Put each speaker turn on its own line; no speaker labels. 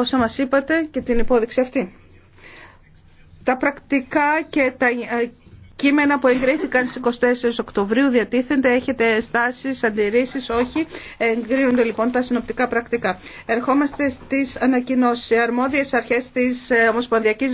όσα μας είπατε και την υπόδειξη αυτή. Τα πρακτικά και τα ε, κείμενα που εγκρίθηκαν στις 24 Οκτωβρίου διατίθενται. Έχετε στάσεις, αντιρρήσεις, όχι. Εγκρίνονται λοιπόν τα συνοπτικά πρακτικά. Ερχόμαστε στις
ανακοινώσεις. Αρμόδιες αρχές της ε, Ομοσπονδιακής